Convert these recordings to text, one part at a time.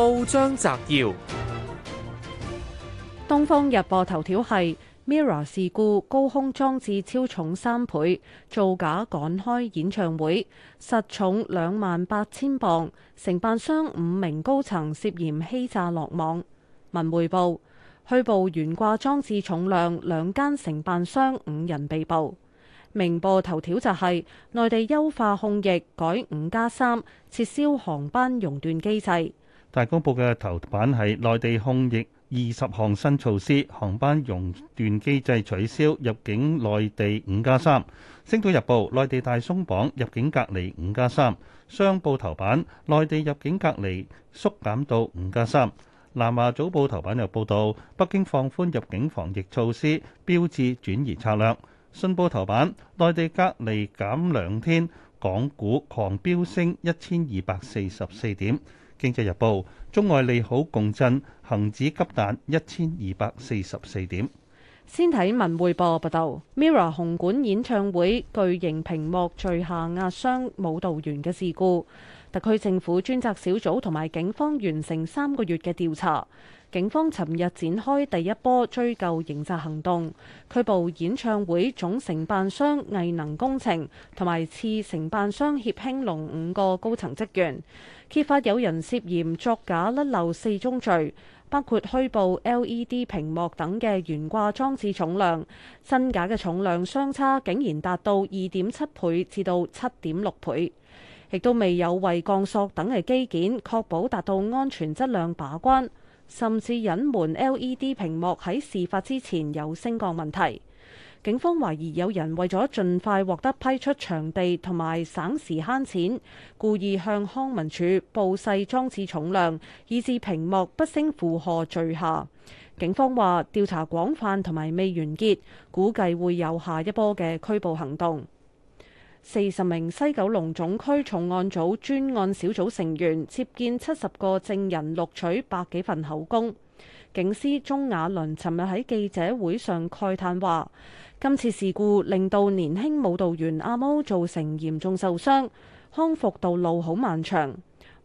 報章摘要：《東方日報》頭條係 Mirror 事故高空裝置超重三倍，造假趕開演唱會實重兩萬八千磅，承辦商五名高層涉嫌欺詐落網。《文匯報》虛報懸掛裝置重量兩間承辦商五人被捕。《明報》頭條就係內地優化控疫改五加三，3，撤銷航班熔斷機制。大公報嘅頭版係內地控疫二十項新措施，航班熔斷機制取消，入境內地五加三。星島日報內地大鬆綁，入境隔離五加三。商報頭版內地入境隔離縮減到五加三。南華早報頭版又報道北京放寬入境防疫措施，標誌轉移策略。信報頭版內地隔離減兩天，港股狂飆升一千二百四十四點。《經濟日報》中外利好共振，恒指急彈一千二百四十四點。先睇文匯報報道，Mirror 紅館演唱會巨型屏幕墜下壓傷舞蹈員嘅事故。特區政府專責小組同埋警方完成三個月嘅調查，警方尋日展開第一波追究刑責行動，拘捕演唱會總承辦商藝能工程同埋次承辦商協興隆五個高層職員，揭發有人涉嫌作假甩漏四宗罪，包括虛報 LED 屏幕等嘅懸掛裝置重量，真假嘅重量相差竟然達到二點七倍至到七點六倍。亦都未有為鋼索等嘅機件確保達到安全質量把關，甚至隱瞞 LED 屏幕喺事發之前有升降問題。警方懷疑有人為咗盡快獲得批出場地同埋省時慳錢，故意向康文署報細裝置重量，以致屏幕不勝負荷墜下。警方話調查廣泛同埋未完結，估計會有下一波嘅拘捕行動。四十名西九龍總區重案組專案小組成員接見七十個證人，錄取百幾份口供。警司鍾雅倫尋日喺記者會上慨嘆話：今次事故令到年輕舞蹈員阿毛造成嚴重受傷，康復道路好漫長。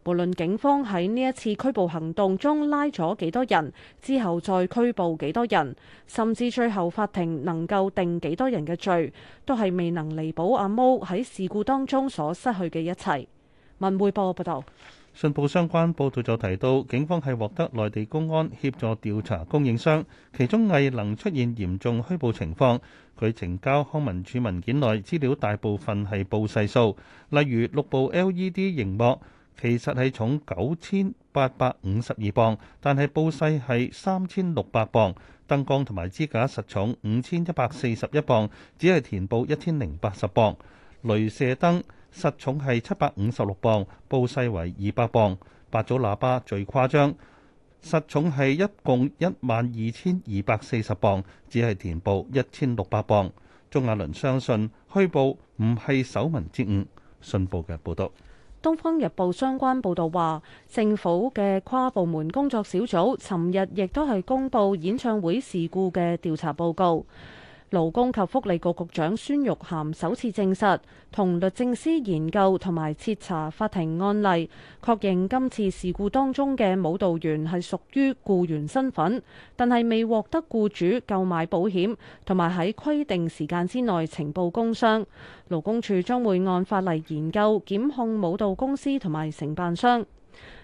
無論警方喺呢一次拘捕行動中拉咗幾多人，之後再拘捕幾多人，甚至最後法庭能夠定幾多人嘅罪，都係未能彌補阿毛喺事故當中所失去嘅一切。文匯報報導。信報相關報導就提到，警方係獲得內地公安協助調查供應商，其中魏能出現嚴重虛報情況。佢呈交康文署文件內資料，大部分係報細數，例如六部 LED 熒幕。其實係重九千八百五十二磅，但係報細係三千六百磅。燈光同埋支架實重五千一百四十一磅，只係填報一千零八十磅。雷射燈實重係七百五十六磅，報細為二百磅。八組喇叭最誇張，實重係一共一萬二千二百四十磅，只係填報一千六百磅。鍾亞倫相信虛報唔係手民之誤。信報嘅報導。《東方日報》相關報導話，政府嘅跨部門工作小組尋日亦都係公佈演唱會事故嘅調查報告。勞工及福利局局長孫玉菡首次證實，同律政司研究同埋徹查法庭案例，確認今次事故當中嘅舞蹈員係屬於僱員身份，但係未獲得僱主購買保險，同埋喺規定時間之內呈報工傷。勞工處將會按法例研究檢控舞蹈公司同埋承辦商。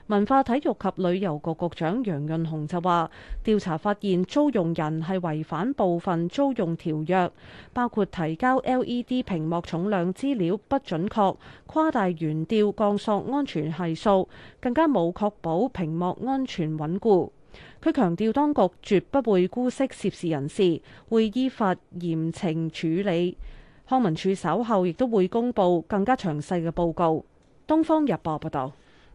文化體育及旅遊局局長楊潤雄就話：調查發現租用人係違反部分租用條約，包括提交 LED 屏幕重量資料不準確、誇大懸吊降索安全係數，更加冇確保屏幕安全穩固。佢強調，當局絕不會姑息涉事人士，會依法嚴懲處理。康文署稍後亦都會公布更加詳細嘅報告。《東方日報》報道。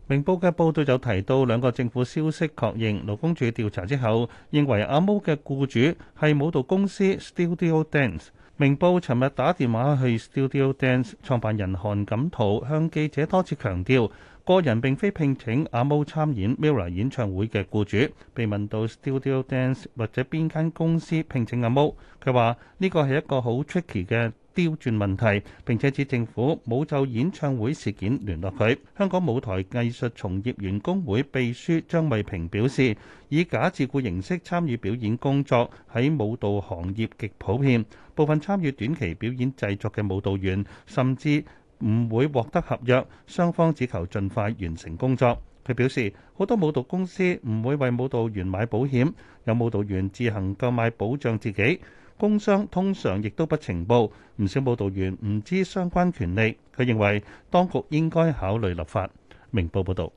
明報嘅報道就提到兩個政府消息確認，勞工處調查之後認為阿 Mo 嘅雇主係舞蹈公司 Studio Dance。明報尋日打電話去 Studio Dance 創辦人韓錦濤，向記者多次強調，個人並非聘請阿 Mo 參演 Mirror 演唱會嘅雇主。被問到 Studio Dance 或者邊間公司聘請阿 Mo，佢話呢個係一個好 tricky 嘅。刁鑽問題，並且指政府冇就演唱會事件聯絡佢。香港舞台藝術從業員工會秘書張慧平表示，以假自雇形式參與表演工作喺舞蹈行業極普遍，部分參與短期表演製作嘅舞蹈員甚至唔會獲得合約，雙方只求盡快完成工作。佢表示，好多舞蹈公司唔會為舞蹈員買保險，有舞蹈員自行購買保障自己。工傷通常亦都不呈報，唔少報道員唔知相關權利。佢認為當局應該考慮立法。明報報道。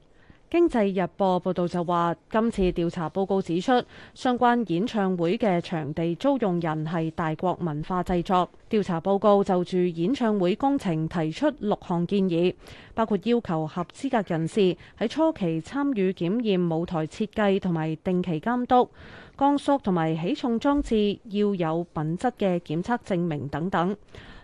經濟日報報道就話，今次調查報告指出，相關演唱會嘅場地租用人係大國文化製作。調查報告就住演唱會工程提出六項建議，包括要求合資格人士喺初期參與檢驗舞台設計同埋定期監督，鋼索同埋起重裝置要有品質嘅檢測證明等等。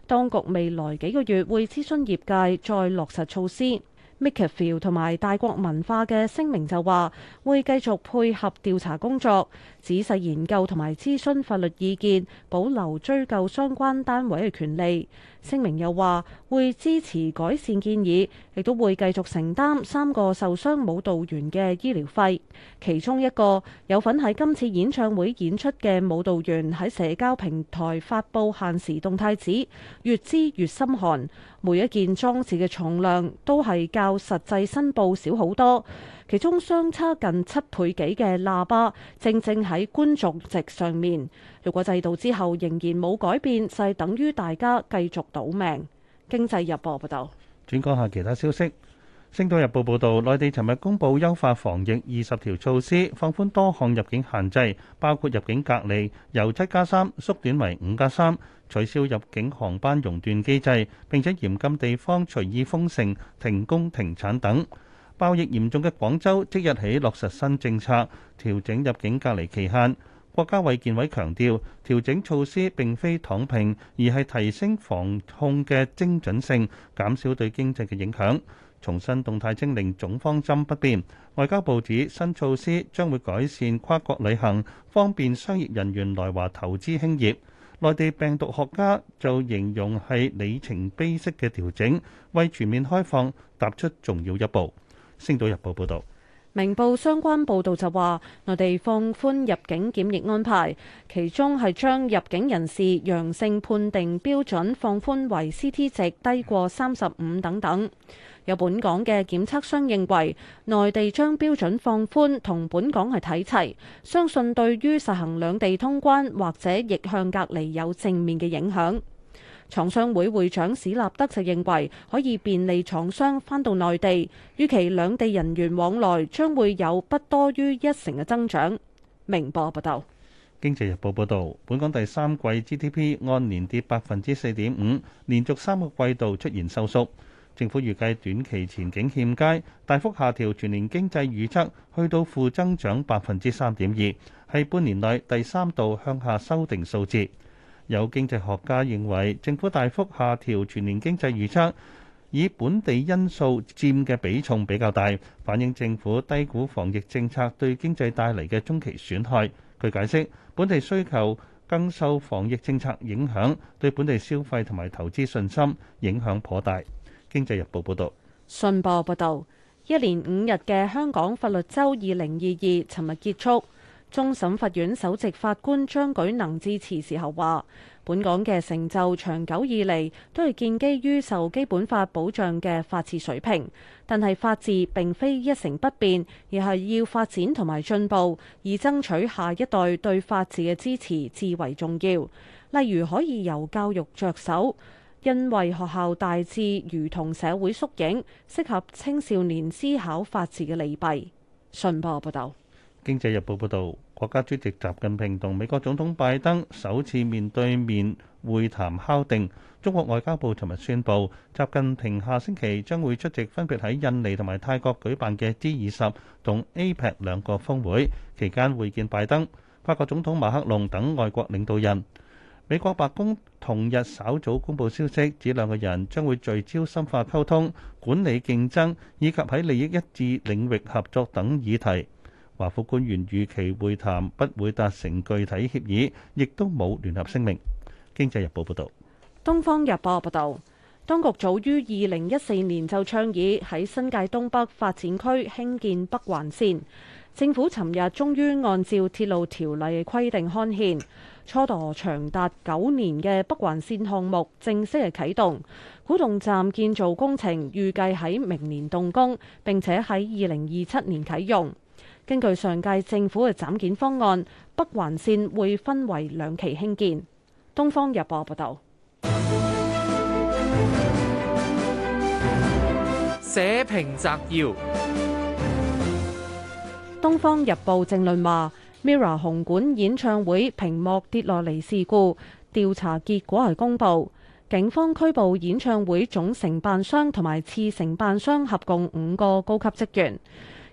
當局未來幾個月會諮詢業界，再落實措施。MakerVille 同埋大國文化嘅聲明就話，會繼續配合調查工作，仔細研究同埋諮詢法律意見，保留追究相關單位嘅權利。聲明又話會支持改善建議，亦都會繼續承擔三個受傷舞蹈員嘅醫療費。其中一個有份喺今次演唱會演出嘅舞蹈員喺社交平台發布限時動態紙，指越知越心寒，每一件裝置嘅重量都係較實際申報少好多。其中相差近七倍幾嘅喇叭，正正喺觀眾席上面。如果制度之後仍然冇改變，就係等於大家繼續賭命。經濟日報報導。轉講下其他消息，《星島日報》報導，內地尋日公布優化防疫二十條措施，放寬多項入境限制，包括入境隔離由七加三縮短為五加三，取消入境航班熔斷機制，並且嚴禁地方隨意封城、停工、停產等。爆疫嚴重嘅廣州即日起落實新政策，調整入境隔離期限。國家衛健委強調，調整措施並非躺平，而係提升防控嘅精準性，減少對經濟嘅影響。重申動態清零總方針不變。外交部指新措施將會改善跨國旅行，方便商業人員來華投資興業。內地病毒學家就形容係里程碑式嘅調整，為全面開放踏出重要一步。星島日報報道，明報相關報道就話，內地放寬入境檢疫安排，其中係將入境人士陽性判定標準放寬為 CT 值低過三十五等等。有本港嘅檢測商認為，內地將標準放寬同本港係睇齊，相信對於實行兩地通關或者逆向隔離有正面嘅影響。廠商會會長史立德就認為，可以便利廠商返到內地，預期兩地人員往來將會有不多於一成嘅增長。明報報道，《經濟日報》報道，本港第三季 GDP 按年跌百分之四點五，連續三個季度出現收縮。政府預計短期前景欠佳，大幅下調全年經濟預測，去到負增長百分之三點二，係半年內第三度向下修訂數字。有經濟學家認為，政府大幅下調全年經濟預測，以本地因素佔嘅比重比較大，反映政府低估防疫政策對經濟帶嚟嘅中期損害。據解釋，本地需求更受防疫政策影響，對本地消費同埋投資信心影響頗大。經濟日報報導，信報報導，一連五日嘅香港法律週二零二二，尋日結束。終審法院首席法官張舉能致辭時候話，本港嘅成就長久以嚟都係建基於受基本法保障嘅法治水平，但係法治並非一成不變，而係要發展同埋進步，而爭取下一代對法治嘅支持至為重要。例如可以由教育着手，因為學校大致如同社會縮影，適合青少年思考法治嘅利弊。《信報》報道，《經濟日報》報道。國家主席習近平同美國總統拜登首次面對面會談敲定。中國外交部尋日宣布，習近平下星期將會出席分別喺印尼同埋泰國舉辦嘅 G 二十同 APEC 兩個峰會，期間會見拜登、法國總統馬克龍等外國領導人。美國白宮同日稍早公布消息，指兩個人將會聚焦深化溝通、管理競爭以及喺利益一致領域合作等議題。華府官員預期會談不會達成具體協議，亦都冇聯合聲明。經濟日報報道：東方日報報道，當局早於二零一四年就倡議喺新界東北發展區興建北環線。政府尋日終於按照鐵路條例規定刊憲，初度長達九年嘅北環線項目正式係啟動。古洞站建造工程預計喺明年動工，並且喺二零二七年啟用。根據上屆政府嘅斬件方案，北環線會分為兩期興建。東方日報報導，社評摘要。東方日報政論話，MIRROR 紅館演唱會屏幕跌落嚟事故調查結果係公布，警方拘捕演唱會總承辦商同埋次承辦商合共五個高級職員。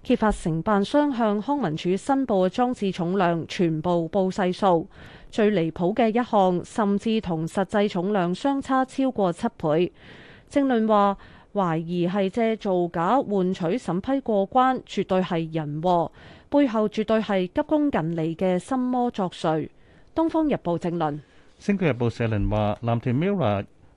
揭發承辦商向康文署申報裝置重量全部報細數，最離譜嘅一項甚至同實際重量相差超過七倍。正論話，懷疑係借造假換取審批過關，絕對係人禍，背後絕對係急功近利嘅心魔作祟。《東方日報》正論，《星島日報》社論話，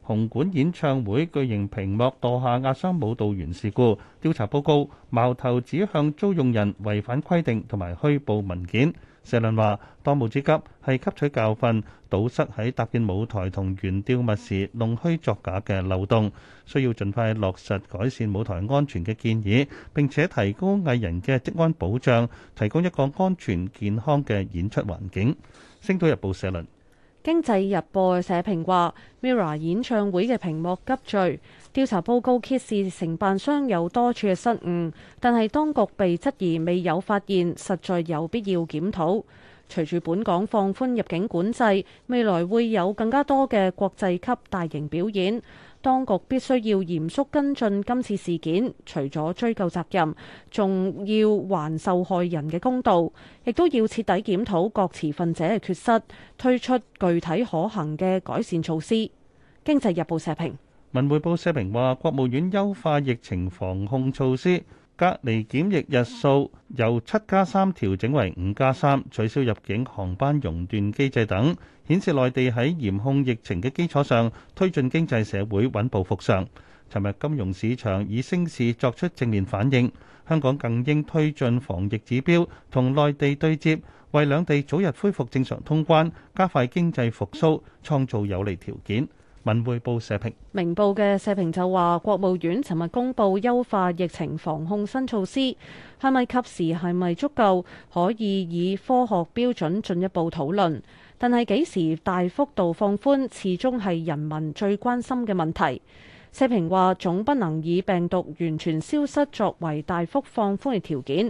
紅館演唱會巨型屏幕墮下壓傷舞蹈員事故調查報告，矛頭指向租用人違反規定同埋虛報文件。社論話：當務之急係吸取教訓，堵塞喺搭建舞台同懸吊物時弄虛作假嘅漏洞，需要盡快落實改善舞台安全嘅建議，並且提高藝人嘅職安保障，提供一個安全健康嘅演出環境。星島日報社論。經濟日報社評話，Mirror 演唱會嘅屏幕急墜，調查報告揭示承辦商有多處嘅失誤，但係當局被質疑未有發現，實在有必要檢討。隨住本港放寬入境管制，未來會有更加多嘅國際級大型表演。當局必須要嚴肅跟進今次事件，除咗追究責任，仲要還受害人嘅公道，亦都要徹底檢討各持份者嘅缺失，推出具體可行嘅改善措施。經濟日報社評。文匯報社評話，國務院優化疫情防控措施。隔離檢疫日數由七加三調整為五加三，取消入境航班熔斷機制等，顯示內地喺嚴控疫情嘅基礎上，推進經濟社會穩步復常。尋日金融市場以升市作出正面反應，香港更應推進防疫指標同內地對接，為兩地早日恢復正常通關、加快經濟復甦，創造有利條件。文匯報社評，明報嘅社評就話：國務院尋日公布優化疫情防控新措施，係咪及時？係咪足夠？可以以科學標準進一步討論。但係幾時大幅度放寬，始終係人民最關心嘅問題。社評話：總不能以病毒完全消失作為大幅放寬嘅條件。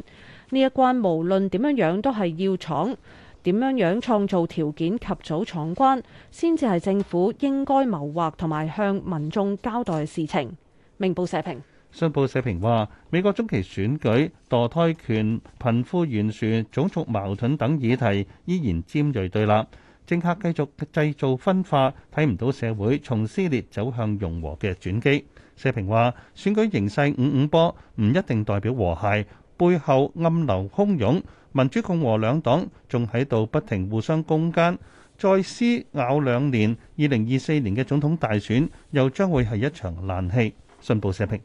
呢一關無論點樣樣都係要闖。點樣樣創造條件及早闖關，先至係政府應該謀劃同埋向民眾交代事情。明報社評，商報社評話，美國中期選舉墮胎權、貧富懸殊、種族矛盾等議題依然尖鋭對立，政客繼續製造分化，睇唔到社會從撕裂走向融和嘅轉機。社評話，選舉形勢五五波，唔一定代表和諧，背後暗流洶湧。民主共和兩黨仲喺度不停互相攻訐，再撕咬兩年，二零二四年嘅總統大選又將會係一場爛戲。信報社評。